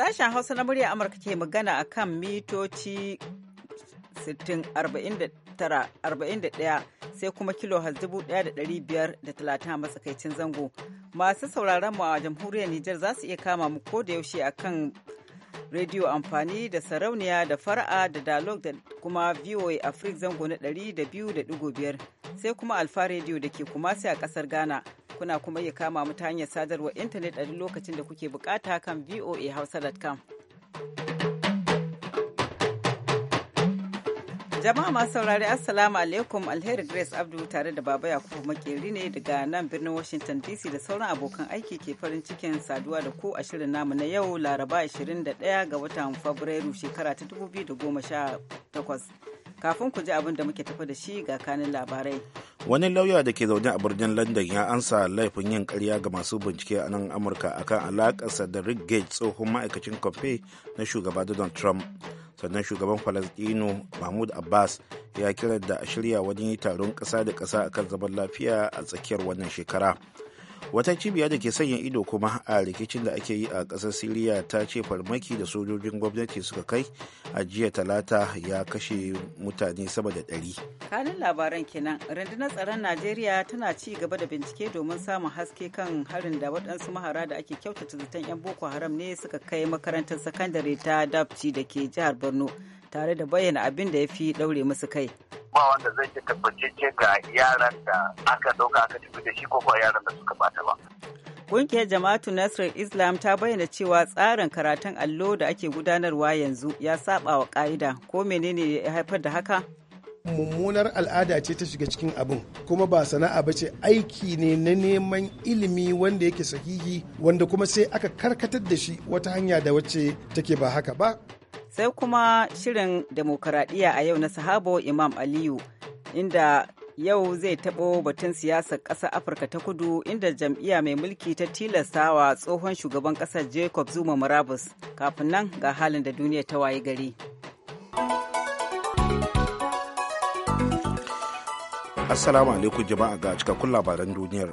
Sashen Hausa na murya Amurka ke magana a kan mitoci 6049 sai kuma kilo 1530 matsakaicin zango. Masu sauraron mu a jamhuriyar Nijar za su iya kama mu ko da yaushe a kan rediyo amfani da sarauniya da fara'a da dalog da kuma VOA afrik zango na 200.5 sai kuma Alfa rediyo da ke kuma sai a kasar Ghana. kuna kuma iya kama mu ta hanyar sadarwar intanet a duk lokacin da kuke bukata kan voahausa.com. Jama'a masu saurari Assalamu alaikum Alheri Grace Abdu tare da Baba Yakubu Makeri ne daga nan birnin Washington DC da sauran abokan aiki ke farin cikin saduwa da ku a shirin namu na yau Laraba 21 ga watan Fabrairu shekara ta 2018. kafin ku ji abin da muke tafi da shi ga kanin labarai wani lauya da ke zaune a birnin london ya ansa laifin yin karya ga masu bincike a nan amurka akan alakarsa da rick gates tsohon ma'aikacin kamfe na shugaba donald trump sannan shugaban falasdino mahmud abbas ya kira da a shirya wani taron ƙasa da ƙasa akan zaman lafiya a tsakiyar wannan shekara wata cibiya da ke sanya ido kuma a rikicin da ake yi a ƙasar siriya ta ce farmaki da sojojin gwamnati suka kai a jiya talata ya kashe mutane sama da ɗari kanin labaran kenan rundunar tsaron najeriya tana ci gaba da bincike domin samun haske kan harin da waɗansu mahara da ake kyautata zaton 'yan boko haram ne suka kai makarantar sakandare ta dabci da ke jihar borno tare da bayyana abin da ya fi ɗaure musu kai. Ba wanda zai ce ga yaran da aka ɗauka aka tafi da shi ko kuwa yaran da suka bata ba. Ƙungiyar Jama'atu Nasir Islam ta bayyana cewa tsarin karatun allo da ake gudanarwa yanzu ya saba wa ƙa'ida ko menene ya haifar da haka? mummunar al'ada ce ta shiga cikin abin kuma ba sana'a ba ce aiki ne na neman ilimi wanda yake sahihi wanda kuma sai aka karkatar da shi wata hanya da wacce take ba haka ba sai kuma shirin demokuraɗiyya a yau na sahabo Imam Aliyu inda yau zai taɓo batun siyasar ƙasar Afirka ta kudu inda jam'iyya mai mulki ta tilasta wa tsohon shugaban ƙasar Jacob Zuma marabus kafin nan ga halin da duniya ta waye gari. Assalamu alaikum jama'a ga cikakkun labaran duniyar.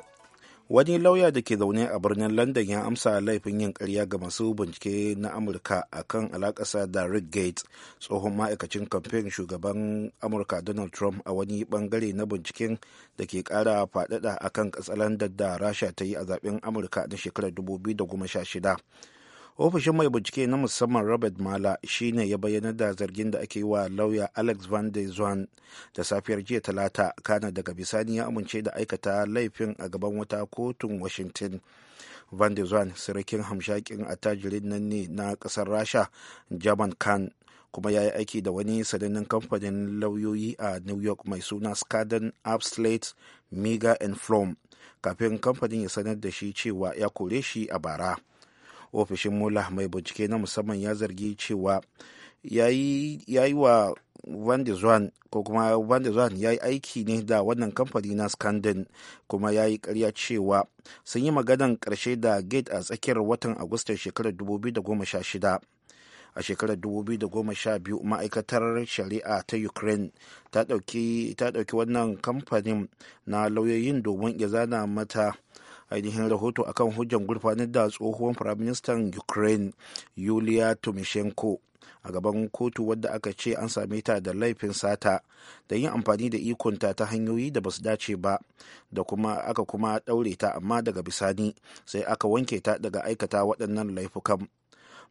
wani lauya da ke zaune a birnin london ya amsa laifin yin karya ga masu bincike na amurka a kan alakasa da rick gates tsohon ma'aikacin kamfen shugaban amurka donald trump a wani bangare na binciken da ke ƙara faɗaɗa akan ƙasar da rasha ta yi a zaben amurka na shekarar 2016 ofishin mai bincike na musamman robert mala shine ya bayyana da zargin da ake yi wa lauya alex van de zwan da safiyar jiya talata kana daga bisani ya amince da aikata laifin a gaban wata kotun washington van de zwan sirikin hamshakin attajirin nan ne na kasar rasha german khan kuma ya yi aiki da wani sanannen kamfanin lauyoyi a new york mai suna skadan abslate mega and flom kafin kamfanin ya sanar da shi cewa ya kore shi a bara ofishin mula mai bincike na musamman ya zargi cewa ya yi wa van ko kuma van ya yi aiki ne da wannan kamfani na scandin kuma ya yi karya cewa sun yi maganan karshe da gate a tsakiyar watan agusta shekarar 2016 a shekarar 2012 ma'aikatar shari'a ta ukraine ta ɗauki wannan kamfanin na lauyoyin domin ya zana mata ainihin rahoto a kan hujjan gurfanar da tsohuwan firaministan ukraine yulia tomishenko a gaban kotu wadda aka ce an same ta da laifin sata da yin amfani da ikonta ta hanyoyi da basu dace ba da kuma aka kuma ɗaure ta amma daga bisani sai aka wanke ta daga aikata waɗannan laifukan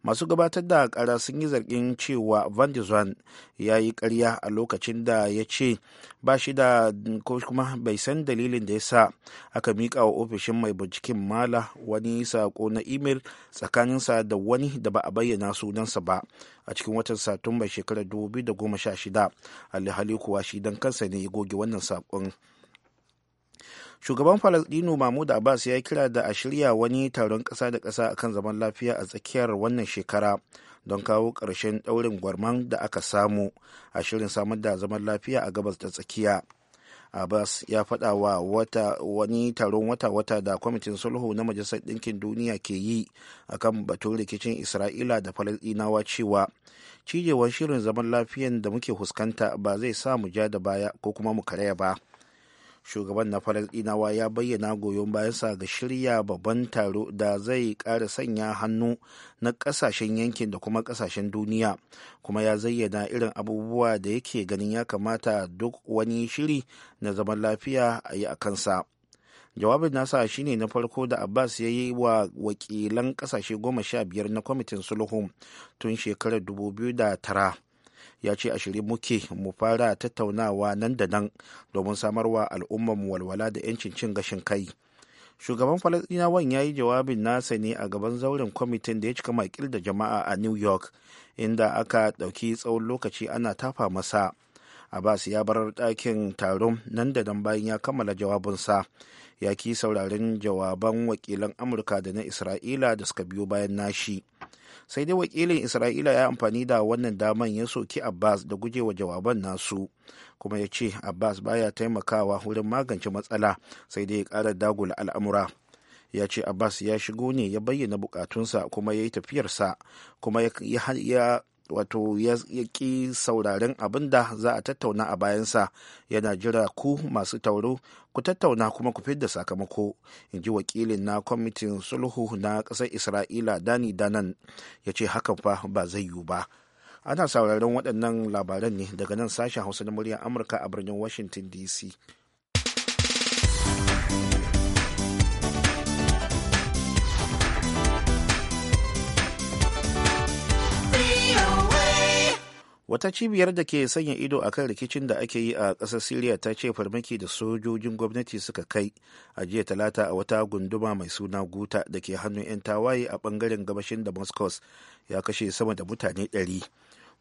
masu gabatar da kara sun yi zargin cewa van de zwan ya yi karya a lokacin da ya ce ba shi da ko kuma bai san dalilin da ya sa aka miƙa wa ofishin mai binciken mala wani sako na imel tsakaninsa da wani da ba a bayyana sunansa ba a cikin watan satumba shekarar 2016 alhali kuwa shi dan kansa ne ya goge wannan sakon. shugaban falasdino mahmud abbas ya kira da a shirya wani taron kasa da ƙasa akan zaman lafiya a tsakiyar wannan shekara don kawo ƙarshen ɗaurin gwarman da aka samu a shirin samar da zaman lafiya a gabas da tsakiya abbas ya faɗa wa wata wani taron wata-wata da kwamitin sulhu na majalisar ɗinkin duniya ke yi akan batun rikicin isra'ila da falasɗinawa cewa cijewar shirin zaman lafiyan da muke fuskanta ba zai sa mu ja da baya ko kuma mu karya ba shugaban na falasɗinawa ya bayyana goyon bayansa ga shirya babban taro da zai ƙara sanya hannu na ƙasashen yankin da kuma ƙasashen duniya kuma ya zayyana irin abubuwa da yake ganin ya kamata duk wani shiri na zaman lafiya a yi a kansa jawabin nasa shine na farko da abbas ya yi wa wakilan ƙasashe goma sha biyar na kwamitin sulhu tun shekarar dubu biyu da tara ya ce a shirye muke mu fara tattaunawa nan da nan domin samarwa mu walwala da 'yancin cin gashin kai shugaban falasdinawan ya yi jawabin nasa ne a gaban zauren kwamitin da ya cika makil da jama'a a new york inda aka ɗauki tsawon lokaci ana tafa masa abbas ya bar ɗakin taron nan da nan bayan ya kammala jawabinsa ya ki sauraren jawaban wakilan amurka da na isra'ila da suka biyo bayan nashi sai dai wakilin isra'ila ya amfani da wannan daman ya soki abbas da gujewa jawaban nasu kuma ya ce abbas baya taimakawa wurin magance matsala sai dai ya ƙara dagula al'amura ya ce abbas ya shigo ne ya bayyana bukatunsa kuma ya yi tafiyarsa kuma ya wato ya ƙi sauraren abin da za a tattauna a bayansa yana jira ku masu tauro ku tattauna kuma ku fidda sakamako in ji wakilin na kwamitin sulhu na ƙasar isra'ila dani danan ya ce hakan fa ba zai yiwu ba ana sauraron waɗannan labaran ne daga nan sashen hausa na muryar amurka a birnin washington dc wata cibiyar da ke sanya ido a kan rikicin da ake yi a ƙasar siriya ta ce farmaki da sojojin gwamnati suka kai a jiya talata a wata gunduma mai suna guta da ke hannun 'yan tawaye a ɓangaren gabashin damascus ya kashe sama da mutane 100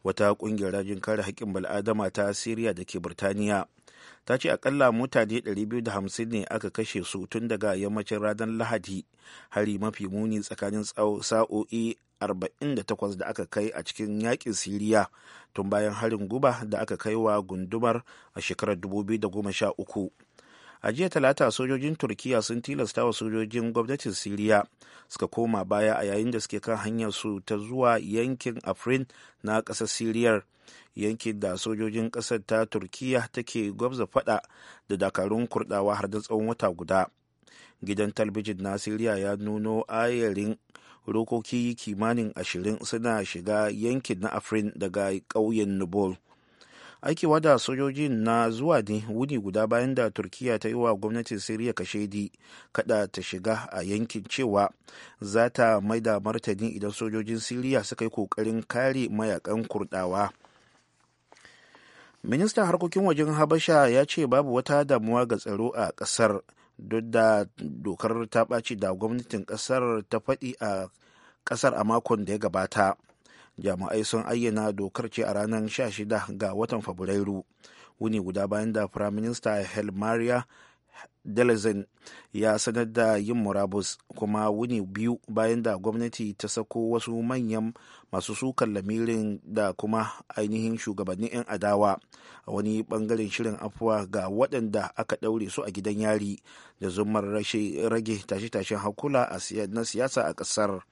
wata ƙungiyar rajin kare haƙƙin bal'adama ta siriya da ke birtaniya ta ce akalla mutane 250 ne aka kashe su tun daga yammacin ranar lahadi hari mafi muni tsakanin sa'o'i 48 da aka kai a cikin yakin siriya tun bayan harin guba da aka kai wa gundumar a shekarar 2013 a jiya talata sojojin turkiya sun tilasta wa sojojin gwamnatin siriya suka koma baya a yayin da suke kan hanyar su ta zuwa yankin afrin na ƙasar siriyar yankin da sojojin ƙasar ta turkiya take gwabza fada da dakarun kurdawa har da tsawon wata guda gidan talbijin na siriya ya nuno ayarin rokoki kimanin ashirin suna shiga yankin na afrin daga ƙauyen nubol aikewa da sojojin na zuwa ne wuni guda bayan da turkiya ta yi wa gwamnatin siriya kashedi kada ta shiga a yankin cewa za ta maida martani idan sojojin siriya suka yi kokarin kare mayakan kurdawa ministan harkokin wajen habasha ya ce babu wata damuwa ga tsaro a kasar duk da dokar ta ɓaci da gwamnatin ƙasar ta faɗi a ƙasar a makon da ya gabata jami'ai sun ayyana dokar ce a ranar 16 ga watan fabrairu wuni guda bayan da firaminista maria. delezin ya sanar da yin murabus kuma wuni biyu bayan da gwamnati ta sako wasu manyan masu sukan lamirin da kuma ainihin shugabannin 'yan adawa a wani bangaren shirin afuwa ga waɗanda aka ɗaure su a gidan yari da zumar rage tashe-tashen hakula na siyasa a ƙasar.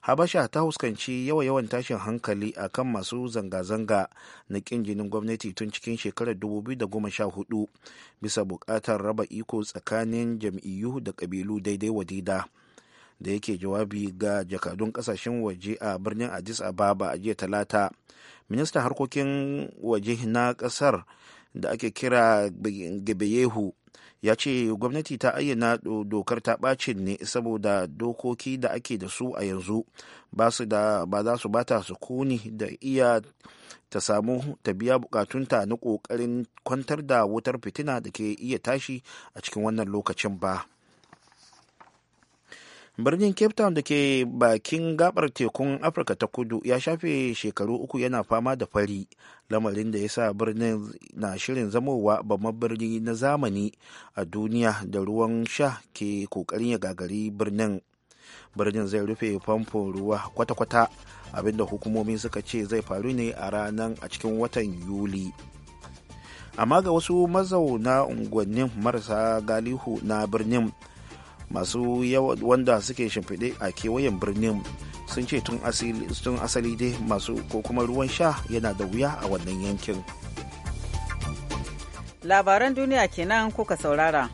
habasha ta huskanci yawa yawan tashin hankali a kan masu zanga-zanga na ƙin jinin gwamnati tun cikin shekarar 2014 bisa buƙatar raba iko tsakanin jam'iyyu da ƙabilu daidai wadida da yake jawabi ga jakadun ƙasashen waje a birnin addis ababa a jiya talata ministan harkokin waje na ƙasar da ake kira gabeyehu ya ce gwamnati ta ayyana dokar ta bacin ne saboda dokoki da ake da su a yanzu ba za su bata su sukuni da iya ta samu ta biya bukatunta na kokarin kwantar da wutar fitina da ke iya tashi a cikin wannan lokacin ba. birnin cape town da ke bakin gabar tekun afirka ta kudu ya shafe shekaru uku yana fama da fari lamarin da ya sa birnin na shirin zamowa babban birni na zamani a duniya da ruwan sha ke kokarin ya gagari birnin birnin zai rufe famfon ruwa kwata-kwata abinda hukumomi suka ce zai faru ne a ranar a cikin watan yuli amma ga wasu mazauna unguwannin marasa galihu na birnin masu wanda suke shimfiɗe a kewayen birnin sun ce tun asali dai masu ko kuma ruwan sha yana da wuya a wannan yankin labaran duniya kenan kuka saurara.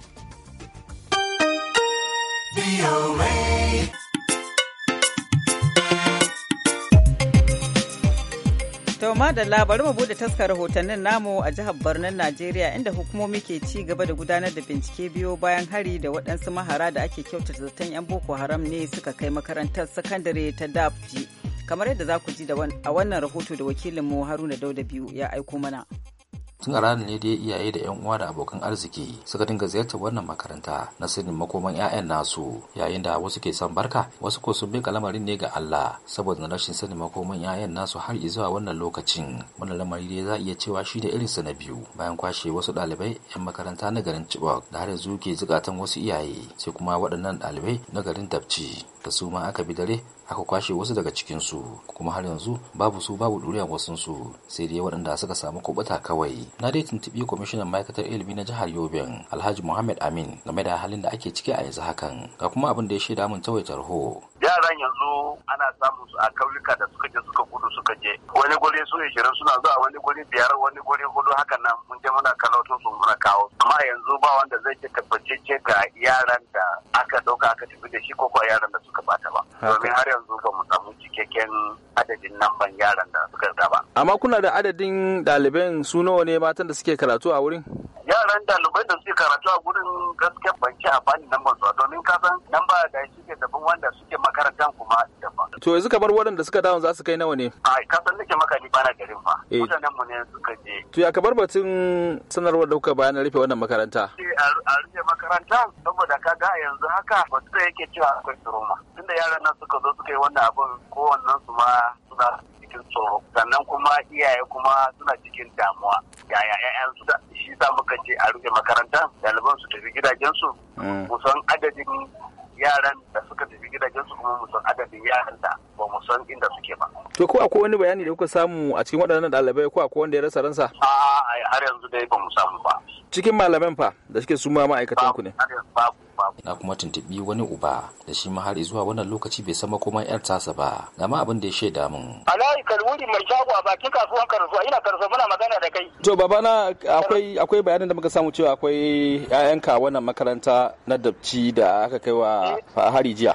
To da labar mu bude taskar rahotannin namu a jihar Barnan Najeriya inda hukumomi ke ci gaba da gudanar da bincike biyo bayan hari da waɗansu mahara da ake kyautata zaton 'yan Boko Haram ne suka kai makarantar sakandare ta Dapji. Kamar yadda za ku ji a wannan rahoto da wakilinmu Haruna Dauda biyu ya aiko mana. tun a ranar ne da iyaye da yan uwa da abokan arziki suka dinga ziyartar wannan makaranta na sanin makoman 'ya'yan nasu yayin da wasu ke son barka wasu ko sun bika lamarin ne ga Allah saboda na rashin sanin makoman 'ya'yan nasu har zuwa wannan lokacin wannan lamari dai za a iya cewa shi da irinsa na biyu bayan kwashe wasu ɗalibai 'yan makaranta na garin Chibok da har yanzu ke zukatan wasu iyaye sai kuma waɗannan ɗalibai na garin Dabci da su ma aka bi dare aka kwashe wasu daga cikin su kuma har yanzu babu su babu ɗuriyar wasunsu sai dai waɗanda suka samu kubuta kawai na dai tuntuɓi kwamishinan ma'aikatar ilimi na jihar yobin alhaji muhammad amin game da halin da ake ciki a yanzu hakan ga kuma abin da ya shaida mun tawai tarho yaran yanzu ana samun su a kauyuka da suka je suka gudu suka je wani guri su ishirin suna zuwa wani guri biyar wani guri hudu hakan nan mun je muna kalauto su muna kawo amma yanzu ba wanda zai ce ga yaran da aka ɗauka aka tafi da shi ko yaran da su domin har yanzu ba mu samu cikakken adadin nan ban yaran da suka ba. amma kuna da adadin ɗaliban su nawa ne matan da suke karatu a wurin yaran ɗaliban da suke karatu a wurin gaske ci a bani nan ban domin kasan nan ba da ke daban wanda suke makarantar kuma daban to yanzu kamar waɗanda suka dawo za su kai nawa ne ka kasan nake maka ni bana garin fa eh. mutanen mu ne To ya kabar batun sanarwar dauka bayan rufe wannan makaranta? Eh, a rufe makaranta saboda kaga a yanzu haka ba da yake cewa akwai turoma. Tunda yaran nan suka zo suka yi wannan abin kowannen su ma suna cikin tsoro. Sannan kuma iyaye kuma suna cikin damuwa. Yaya 'ya'yan su da shi sa muka ce a rufe makaranta ɗaliban su tafi gidajensu. Kusan mm. adadin yaran da suka tafi gidajen su kuma mu adadin yaran da ba mu san inda suke ba. To ko akwai wani bayani da kuka samu a cikin waɗannan ɗalibai ko akwai wanda ya rasa ransa? A'a har yanzu dai ba mu samu ba. Cikin malaman fa da suke suma ma'aikatan ku ne. Babu na kuma tuntubi wani uba da shi ma har zuwa wannan lokaci bai san makoman yar tasa ba Gama abin da ya shaida mun alai kalwuri mai shago a bakin kasuwan karzuwa ina karzuwa muna magana da kai to babana akwai akwai bayanan da muka samu cewa akwai ƴaƴanka wannan makaranta na dabci da aka kai wa eh. hari jiya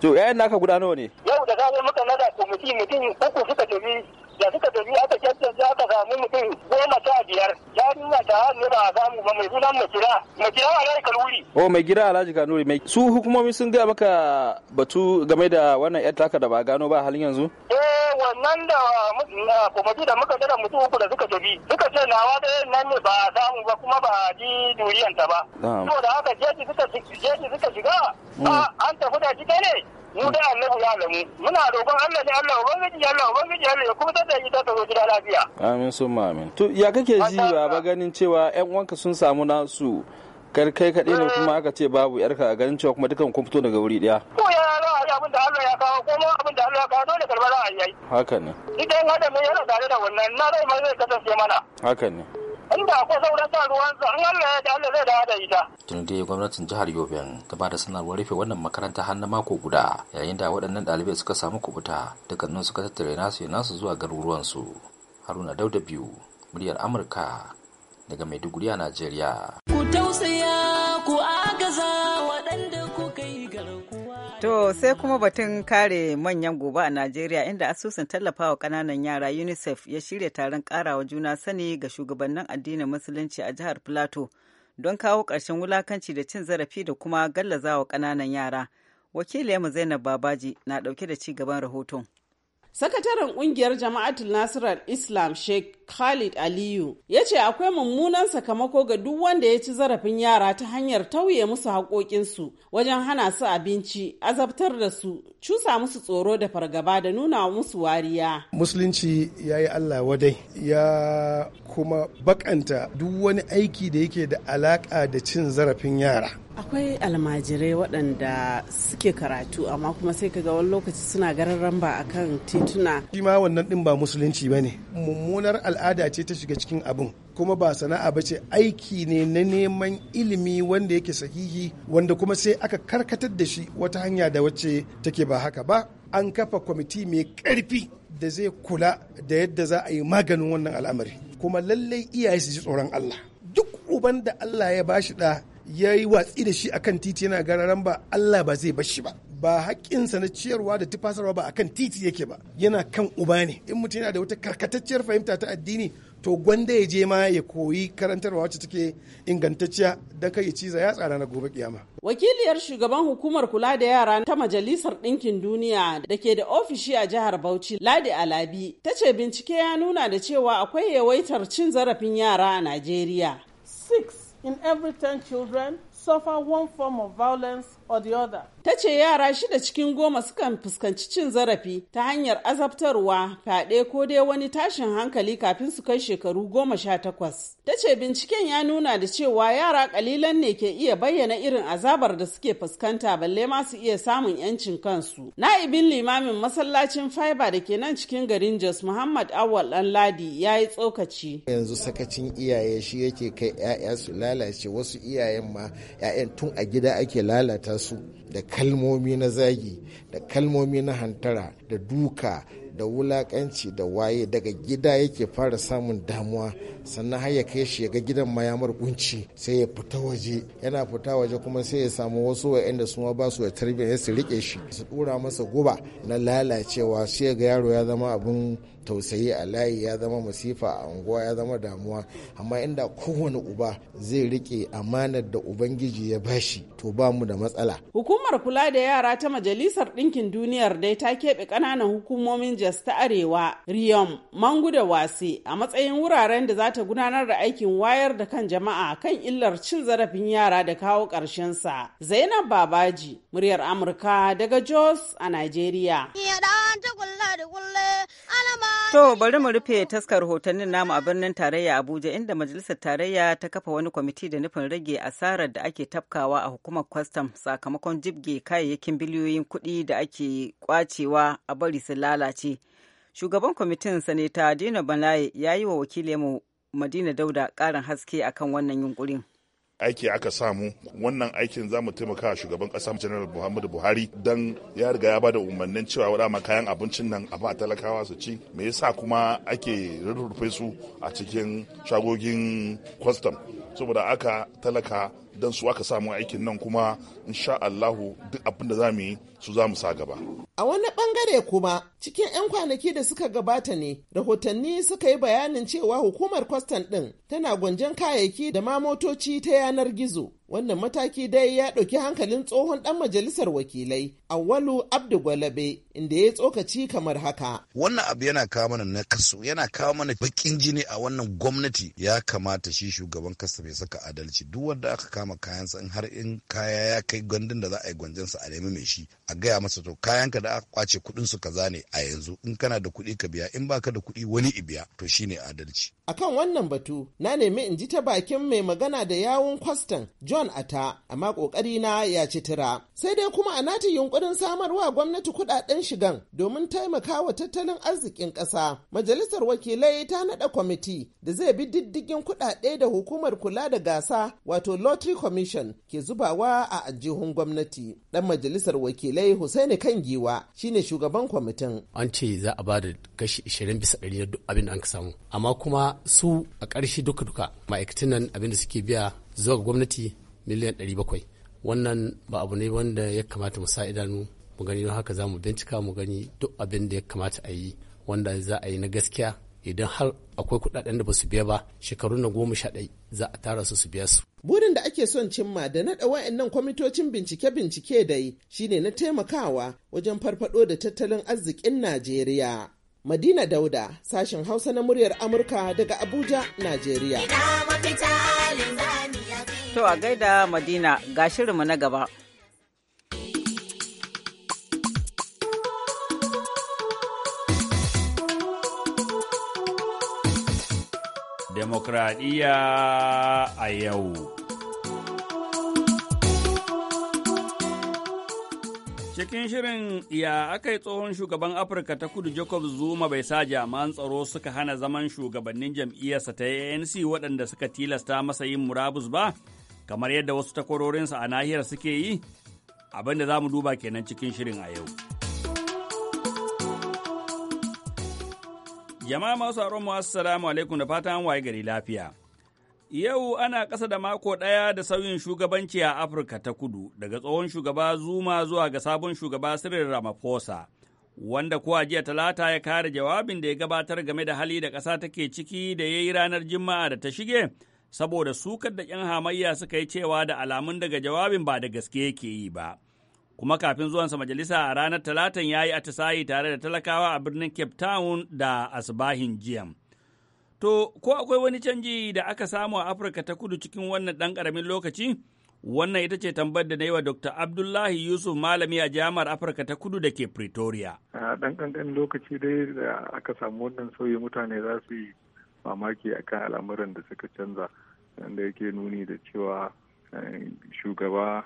to ƴaƴan naka guda nawa ne yau da gaba muka nada komiti mutum uku suka tafi da suka tafi aka cancanta aka samu mutum goma sha biyar Ya nuna ta hannu ba a samu ba mai sunan makira makira alhaji wuri. o oh, mai gira alhaji kanuri mai su hukumomi sun gaya maka batu game da wannan yar taka da ba gano ba halin yanzu. eh wannan da kwamiti da muka tara mutum uku da suka tafi suka ce nawa da nan ne ba a samu ba kuma ba a ji duriyanta ba. saboda haka jeji suka shiga hmm. ah, an tafi da shi ne. mu da Allah ya alamu muna roƙon Allah ne Allah ubangiji Allah ubangiji Allah ya kuma tada yi ta zo gida lafiya amin sun amin to ya kake ji ba ganin cewa yan uwanka sun samu nasu kar kai kaɗai ne eh. kuma aka ce babu yarka a ganin cewa kuma dukan kun fito daga wuri ɗaya. Ko ya za a yi abin da Allah ya kawo ko ma abin da Allah ya kawo dole karɓar za a yi. Haka ne. Idan hada mai yana tare da wannan na rai mai zai kasance mana. Haka ne. inda akwai sauran sa ruwan sa in Allah ya da zai dawo da ita gwamnatin jihar Yobe ta ba da sanarwar rufe wannan makaranta har na mako guda yayin da waɗannan ɗalibai suka samu kubuta dukkanin suka tattare nasu nasu zuwa garuruwan su Haruna Dauda biyu muryar Amurka daga Maiduguri a Najeriya ku tausaya ku agaza waɗanda To sai kuma batun kare manyan gobe a Najeriya inda asusun tallafawa kananan yara UNICEF ya shirya taron karawa juna sani ga shugabannin addinin musulunci a jihar Plateau don kawo ƙarshen wulakanci da cin zarafi da kuma gallazawa ƙananan yara. Wakiliyarmu Zainab Babaji na ɗauke da ci gaban rahoton. Sakataren kungiyar jama'atul Nasirar Islam Sheikh Khalid Aliyu ya ce akwai mummunan sakamako ga duk wanda ya ci zarafin yara ta hanyar tauye musu haƙoƙinsu wajen hana su abinci, azabtar da su, cusa musu tsoro da fargaba da nuna musu wariya. Musulunci ya yi Allah wadai ya kuma bakanta duk wani aiki da yake da alaƙa da cin zarafin yara. akwai almajirai waɗanda suke karatu amma kuma sai ka ga wani lokaci suna gararan ba kan tituna shi ma wannan din ba musulunci ba ne mummunar al'ada ce ta shiga cikin abin kuma ba sana'a ba ce aiki ne na neman ilimi wanda yake sahihi wanda kuma sai aka karkatar da shi wata hanya da wacce take ba haka ba an kafa kwamiti mai ƙarfi da zai kula da yadda za a yi maganin wannan al'amari kuma lallai iyaye su ji tsoron Allah duk uban da Allah ya bashi da ya yi watsi da shi akan titi yana gararan ba Allah ba zai bashi shi ba ba haƙƙinsa na ciyarwa da tufasarwa ba akan titi yake ba yana kan uba ne in mutum yana da wata karkatacciyar fahimta ta addini to gwanda ya je ma ya koyi karantarwa wacce take ingantacciya don kai ya ciza ya tsara na gobe kiyama. Wakiliyar shugaban hukumar kula da yara ta Majalisar Ɗinkin Duniya da ke da ofishi a jihar Bauchi, Ladi Alabi, ta ce bincike ya nuna da cewa akwai yawaitar cin zarafin yara a Najeriya. in every 10 children suffer one form of violence Odioda. Ta ce yara shida cikin goma sukan fuskanci cin zarafi ta hanyar azabtarwa, fyaɗe ko dai wani tashin hankali kafin su kai shekaru goma sha takwas. Ta ce binciken ya nuna da cewa yara kalilan ne ke iya bayyana irin azabar da suke fuskanta balle ma su iya samun 'yancin kansu. Na'ibin limamin masallacin fiber da ke nan cikin garin Jos Muhammad Awal ladi ya yi tsokaci. Yanzu sakacin iyaye shi yake kai 'ya'ya su lalace wasu iyayen ma 'ya'yan tun a gida ake lalata su da kalmomi na zagi da kalmomi na hantara da duka da wulakanci da waye daga gida yake fara samun damuwa sannan har ya kai shi ya ga gidan mayamar kunci sai ya fita waje yana fita waje kuma sai ya samu wasu wa'anda su ma ba su da tarbiyya su rike shi su dura masa guba na lalacewa sai ga yaro ya zama abin tausayi a layi ya zama masifa a unguwa ya zama damuwa amma inda kowane uba zai rike amanar da ubangiji ya bashi to ba mu da matsala hukumar kula da yara ta majalisar ɗinkin duniyar dai ta keɓe ƙananan hukumomin jas ta arewa riyom mangu da wasi a matsayin wuraren da za ta ta gudanar da aikin wayar da kan jama'a kan illar cin zarafin yara da kawo sa Zainab Babaji, muryar Amurka daga Jos a Najeriya. To bari mu rufe taskar hotonnin namu a birnin tarayya Abuja inda majalisar tarayya ta kafa wani kwamiti da nufin rage asarar da ake tafkawa a hukumar kwastam sakamakon jibge kayayyakin biliyoyin kuɗi da ake kwacewa a bari su lalace. Shugaban kwamitin Sanita Dino Balaye ya yi wa wakilinmu madina dauda ƙarin haske akan wannan yunkurin aiki aka samu wannan aikin za mu taimaka shugaban kasa janar muhammadu buhari don ya riga ya bada umarnin cewa ma kayan abincin nan a ba talakawa su ci me yasa kuma ake rurrufe su a cikin shagogin kwastam saboda aka talaka don su aka samu aikin nan kuma insha Allahu duk abin da za mu yi su za mu sa gaba. A wani bangare kuma cikin 'yan kwanaki da suka gabata ne rahotanni suka yi bayanin cewa hukumar kwastan ɗin tana gwanjan kayayyaki da ma motoci ta yanar gizo Wannan mataki dai ya ɗauki hankalin tsohon ɗan majalisar wakilai, Awalu Abdu Gwalabe, inda ya tsokaci kamar haka. Wannan abu yana kawo mana nakasu, yana kawo mana bakin jini a wannan gwamnati. Ya kamata shi shugaban kasa mai saka adalci duk wanda aka kama kayansa in har in kaya ya kai gwandun da za a yi gwanjansa a nemi mai shi a gaya masa to kayanka da aka kwace kuɗin su kaza ne a yanzu in kana da kuɗi ka biya in baka da kuɗi wani ibiya to shine adalci. Akan wannan batu na nemi in ji ta bakin mai magana da yawun kwastan John a Ata, amma kokari na ya ci tira. Sai dai kuma a nati yunkurin samarwa gwamnati kudaden shigan domin taimaka wa tattalin arzikin ƙasa. Majalisar wakilai ta nada kwamiti da zai bi diddigin kudade da hukumar kula da gasa wato Lottery Commission ke zubawa a ajihun gwamnati. dan majalisar wakilai kan Kangiwa shine shugaban kwamitin. An ce za a bada da kashi 20 bisa ɗari na duk abin da an samu. Amma kuma su a ƙarshe duka-duka ma'aikatan nan abin da suke biya zuwa ga gwamnati miliyan 700 wannan ba abu ne wanda ya kamata mu sa idanu mu gani don haka za mu bincika mu gani duk abin da ya kamata a yi wanda za a yi na gaskiya idan har akwai kudaden da ba su biya ba shekaru na goma sha ɗai za a tara su su biya su. Burin da ake son cimma da naɗa wa'annan kwamitocin bincike-bincike da yi shine na taimakawa wajen farfado da tattalin arzikin Najeriya. Madina Dauda, sashen Hausa na muryar Amurka daga Abuja, Najeriya. To a gaida Madina ga shirinmu na gaba. Demokradiyya a yau. Cikin shirin ya aka yi tsohon shugaban Afirka ta kudu Jacob Zuma bai sa jaman tsaro suka hana zaman shugabannin jam'iyyarsa ta ANC waɗanda suka tilasta masa yin murabus ba? kamar yadda wasu takwarorinsa a nahiyar suke yi abinda za mu duba kenan cikin shirin a yau. Jama'a masu aron mu assalamu alaikum da fatan an waye gari lafiya. Yau ana ƙasa da mako ɗaya da sauyin shugabanci a Afirka ta kudu daga tsohon shugaba Zuma zuwa ga sabon shugaba Cyril Ramaphosa. Wanda kuwa jiya talata ya kare jawabin da ya gabatar game da hali da ƙasa take ciki da ya yi ranar Juma'a da ta shige, saboda sukar da 'yan hamayya suka yi cewa da alamun daga jawabin ba da gaske yake yi ba. Kuma kafin zuwansa majalisa a ranar Talatan ya yi atisayi tare da talakawa a birnin Cape Town da Asbahin Jiyam. To, ko akwai wani canji da aka samu a Afirka ta kudu cikin wannan ɗan ƙaramin lokaci? Wannan ita ce tambar da na yi wa Dr. Abdullahi Yusuf malami a jami'ar Afirka ta kudu da ke Pretoria. A ɗan ƙanƙan lokaci dai da aka samu wannan sauyi mutane za su yi mamaki akan al'amuran da suka canza wanda yake nuni da cewa eh, shugaba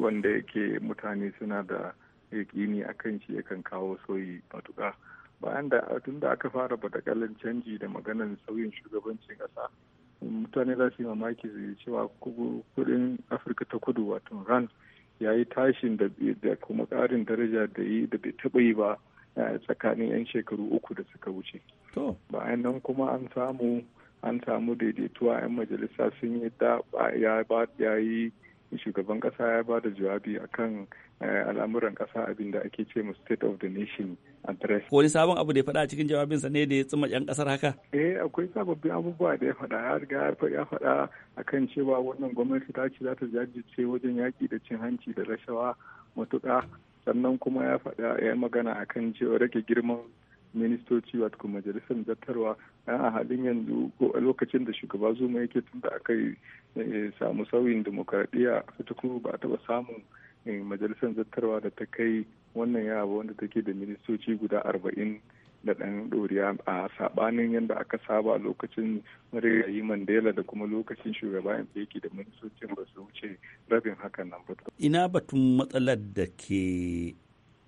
wanda yake mutane suna da yakini akan shi yakan kawo soyi matuƙa bayan da tun da aka fara batakalin canji da maganar sauyin shugabancin ƙasa mutane za su yi mamaki su yi cewa kudin afirka ta kudu wato ran ya yi tashin da kuma ƙarin daraja da yi da bai taɓa yi ba eh, tsakanin 'yan shekaru uku da suka wuce bayan nan kuma an samu an samu daidaituwa 'yan majalisa sun yi ya ya yi shugaban kasa ya ba da jawabi akan eh, al'amuran kasa abin da ake ce mu state of the nation address. Wani sabon abu da ya faɗa cikin jawabinsa ne da ya tsima 'yan kasar haka? Eh akwai sababbin abubuwa da ya faɗa ya riga ya faɗa akan cewa wannan gwamnati ta ce za ta jajirce wajen yaƙi da cin hanci da rashawa matuƙa sannan kuma ya faɗa ya magana akan cewa rage girman ministoci wato majalisar zartarwa a halin yanzu ko a lokacin da shugaba zuma yake tun da aka eh, samu sauyin demokaradiyya ta kuma ba a taba samun eh, majalisar zartarwa da ta kai wannan yawa wanda take da ministoci guda arba'in da ɗan ɗoriya a saɓanin yadda aka saba lokacin rayayi mandela da kuma lokacin shugaba yake da ministocin ba su wuce rabin hakan nan ba. ina batun matsalar da ke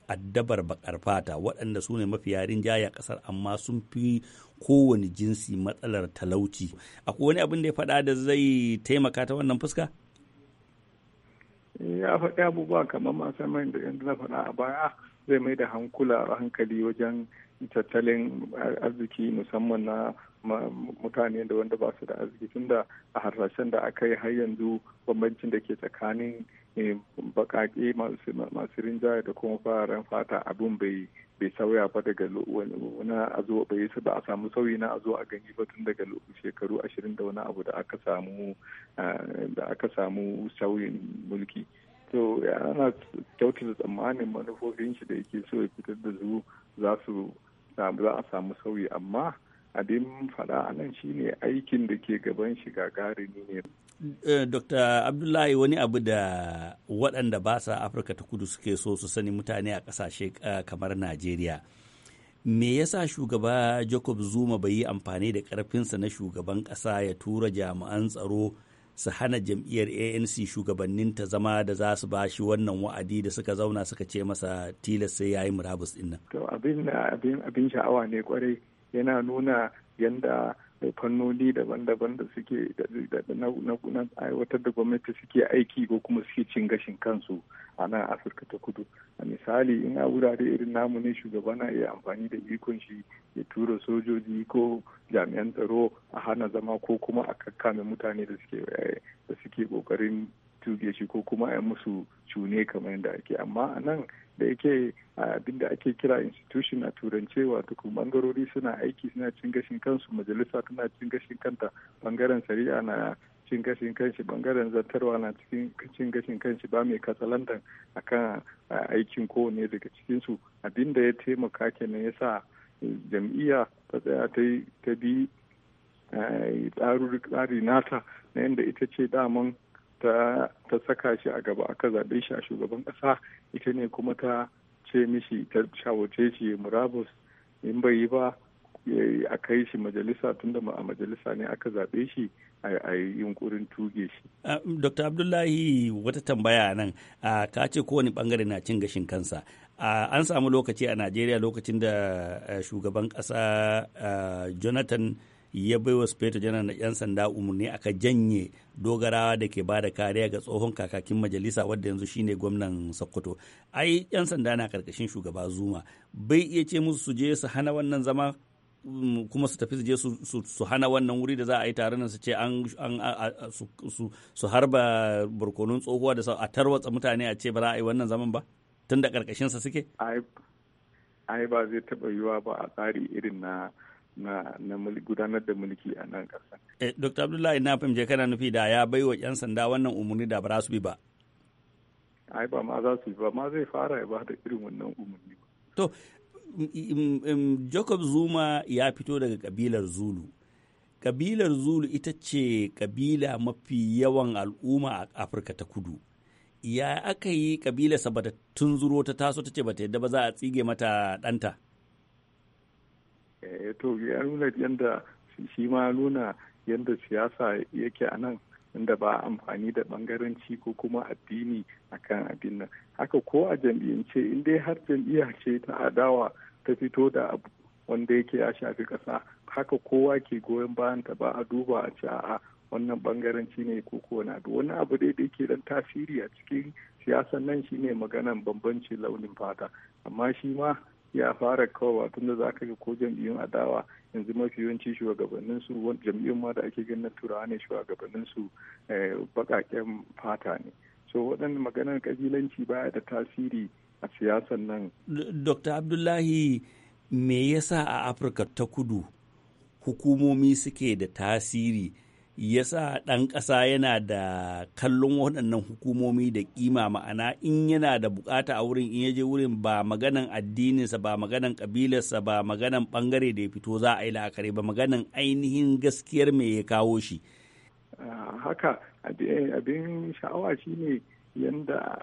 addabar bakar fata waɗanda su ne mafi yarin a kasar amma sun fi kowane jinsi matsalar talauci akwai wani abin da ya faɗa da zai taimaka ta wannan fuska ya faɗi abubuwa kamar masu mai da yanzu na faɗa a baya zai mai da hankula hankali wajen tattalin arziki musamman na mutane da wanda ba su da arziki tunda a harsashen da aka yi har yanzu bambancin da ke tsakanin bakake masu rinjaye da kuma fararen fata abin bai bai sauya ba daga wani a ba a samu sauyi na azo a gani ba tun daga shekaru ashirin da wani abu eh, da aka samu sauyin mulki to ana kyautata tsammanin manufofin shi da yake so ya fitar da su za su za a samu sauyi amma abin faɗa a nan shine aikin da ke gaban shi gagarumi ne Eh, Dr. Abdullahi wani abu da waɗanda ba sa Afirka ta kudu suke so su sani mutane a ƙasashe eh, kamar Najeriya. Me yasa shugaba Jacob Zuma bai yi amfani da ƙarfinsa na shugaban ƙasa ya tura jami'an tsaro su hana jam'iyyar ANC shugabannin ta zama da za su ba shi wannan wa'adi da suka zauna suka ce masa tilas sai ya yi murabus ɗin nan. To abin sha'awa ne kwarai yana nuna yanda fannoni daban-daban da suke na aiwatar da gwamnati suke aiki ko kuma suke cin gashin kansu a nan afirka ta kudu a misali in a wurare irin namu ne shugaba na iya amfani da ikon shi ya tura sojoji ko jami'an tsaro a hana zama ko kuma a kakkame mutane da suke eh, kokarin tuge shi ko kuma a musu cune kamar yadda ake amma a nan da yake abin da ake kira institution a turance wato kuma bangarori suna aiki suna cin gashin kansu majalisa tana cin gashin kanta bangaren shari'a na cin gashin kanshi bangaren zartarwa na cikin cin gashin kanshi ba mai katsalandan akan aikin kowane daga cikinsu abinda ya taimaka kenan ya sa jam'iyya ta tsaya ta bi tsari nata na yadda ita ce daman ta ta saka shi a gaba aka zaɓe shi a shugaban ƙasa ita ne kuma ta ce mishi ta shawarce shi murabus in bai yi ba a kai shi majalisa tunda a majalisa ne aka zaɓe shi a yi yunkurin tuge shi. Dr. Abdullahi wata tambaya nan ka ce kowane bangare na cin gashin kansa. An samu lokaci a Najeriya lokacin da eh, shugaban ƙasa eh, Jonathan ya bai wa speto janar na 'yan sanda umarni aka janye dogarawa da ke ba da kariya ga tsohon kakakin majalisa wadda yanzu shine gwamnan sokoto ai 'yan sanda na karkashin shugaba zuma bai iya ce musu su je su hana wannan zama mm, kuma su tafi su je su hana wannan wuri da za a yi nan su ce an su harba barkonun tsohuwa da a tarwatsa mutane a ce ba za a yi wannan zaman ba tun da karkashinsa suke ai ba zai taba yiwa ba a tsari irin na na, gudanar da mulki a nan ƙasa. Eh, Abdullahi na fahimce kana nufi da ya bai wa 'yan sanda wannan umarni da ba su bi ba. Ai ba ma za su bi ba ma zai fara ya ba da irin wannan umarni ba. To, Jacob Zuma ya fito daga kabilar Zulu. Kabilar Zulu ita ce kabila mafi yawan al'umma a Afirka ta kudu. Ya aka yi kabilarsa ta tunzuro ta taso ta ce ba ta yadda ba za a tsige mata ɗanta? Eh, to ya nuna yadda shi ma nuna yadda siyasa yake a nan inda ba amfani da bangaranci ko kuma addini akan abin nan haka ko a jam'iyyance in dai har jam'iyya ce ta adawa ta fito da abu wanda yake ya shafi kasa haka kowa ke goyon bayan ta ba a duba a ci a wannan bangaranci ne ko ko na wani abu dai da yake dan tasiri a cikin siyasan nan shine maganan bambanci launin fata amma shi ma ya fara kowa tunda za ka ga ko jam'iyyun adawa yanzu mafi yawanci shugabannin su jam'iyyun ma da ake ganin turawa ne shugabannin su eh, bakaken fata ne so waɗannan maganar kabilanci baya da tasiri a siyasan nan dr abdullahi me yasa a afirka ta kudu hukumomi suke da tasiri ya sa ɗan ƙasa yana da kallon waɗannan hukumomi da ƙima ma'ana in yana da bukata a wurin in ya je wurin ba maganan addininsa ba maganan ƙabilarsa ba maganan ɓangare da ya fito za a yi la'akari ba maganan ainihin gaskiyar me ya kawo shi. Ah, haka abin sha'awa shine yadda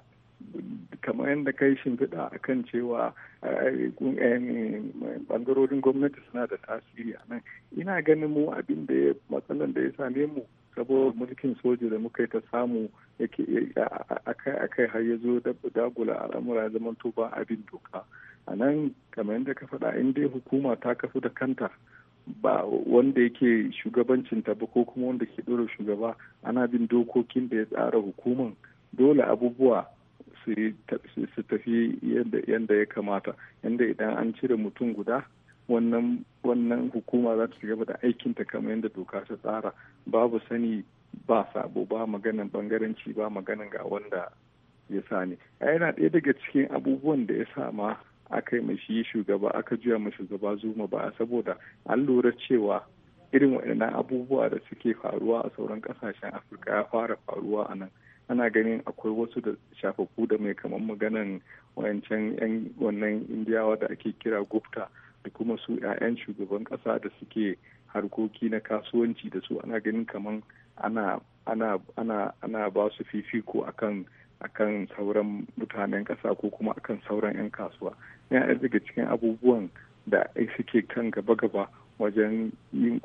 kamar yadda kai shimfiɗa a kan cewa eh, eh, ɓangarorin gwamnati suna da tasiri a nan ina ganin mu abin da matsalan da ya same mu saboda mulkin soja da muka yi ta samu yake eh, akai akai har ya zo da dagula al'amura ya zama ba abin doka a nan kamar yadda ka faɗa in dai hukuma ta kafu da kanta ba wanda yake shugabancinta ba ko kuma wanda ke ɗora shugaba ana bin dokokin da ya tsara hukuman dole abubuwa su tafi yadda ya kamata yadda idan an cire mutum guda wannan hukuma za ta ci gaba da aikinta kamar yadda doka ta tsara babu sani ba sabo ba maganan bangaranci ba maganan ga wanda ya sa ne yana ɗaya daga cikin abubuwan da ya sa ma aka yi mashi shugaba aka juya ma shugaba zuma ba saboda an lura cewa irin waɗannan abubuwa da suke faruwa a sauran kasashen afirka ya fara faruwa a nan ana ganin akwai wasu da shafafu da mai kamar maganan wancan yan wannan indiyawa da ake kira gupta da kuma su 'ya'yan shugaban kasa da suke harkoki na kasuwanci da su ana ganin kamar ana ana ba su fifiko akan akan sauran mutanen kasa ko kuma akan sauran 'yan kasuwa yana daga cikin abubuwan da suke kan gaba-gaba wajen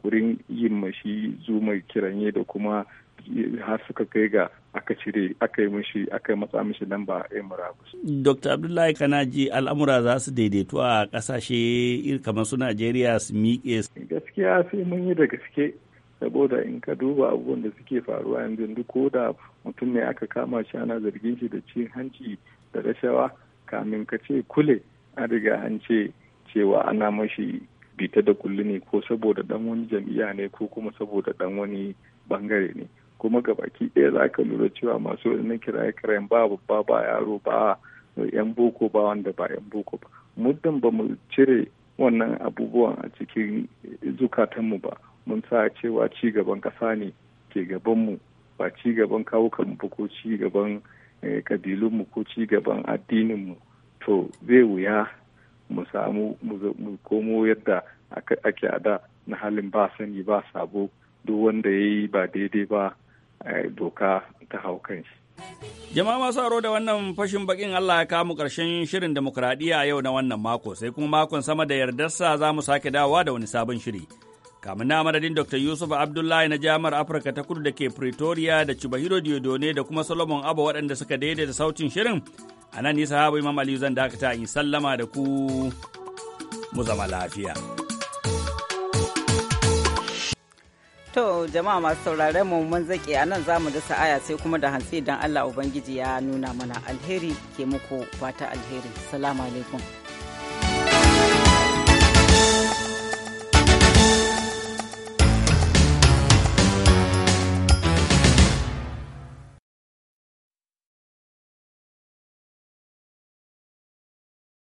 kurin yin mashi zuma kiranye da kuma har suka kai ga aka cire aka yi mishi aka yi matsa mishi lamba a murabus. Dr. Abdullahi Kanaji al'amura za su daidaito a kasashe kamar su Najeriya su miƙe. Gaskiya sai mun yi da gaske saboda in ka duba abubuwan da suke faruwa yanzu duk ko da mutum ne aka kama shi ana zargin shi da cin hanci da rashawa kamin ka ce kule an riga an cewa ana mashi bita da kulli ne ko saboda dan wani jam'iyya ne ko kuma saboda dan wani bangare ne kuma gabaki ɗaya za ka lura cewa masu wadannan kiraye kiraye ba babba ba yaro ba yan boko ba wanda ba yan boko ba muddin ba mu cire wannan abubuwan a cikin zukatanmu ba mun sa cewa ci gaban ƙasa ne ke gaban mu ba ci gaban mu ba ko ci gaban eh, mu ko ci gaban mu to zai wuya mu samu mu komo yadda ake da na halin ba sani ba sabo duk wanda ya yi ba daidai ba Eh, doka ta hau kansu. Jama'a masu aro da wannan fashin bakin Allah ya kamu ƙarshen shirin demokuraɗiyya yau na wannan mako sai kuma makon sama da yardarsa za mu sake dawowa da wani sabon shiri. Kamun na madadin Dr. Yusuf Abdullahi na Jami'ar Afirka ta Kudu da ke Pretoria da Cibahiro Diodone da kuma Solomon Abba waɗanda suka daidaita sautin shirin. A nan nisa habu Imam Aliyu zan dakata in sallama da ku mu zama lafiya. To jama'a masu saurare mu mun zake a nan zamu da sa'aya sai kuma da hantsi dan Allah Ubangiji ya nuna mana alheri ke muku fata alheri. Salamu alaikum.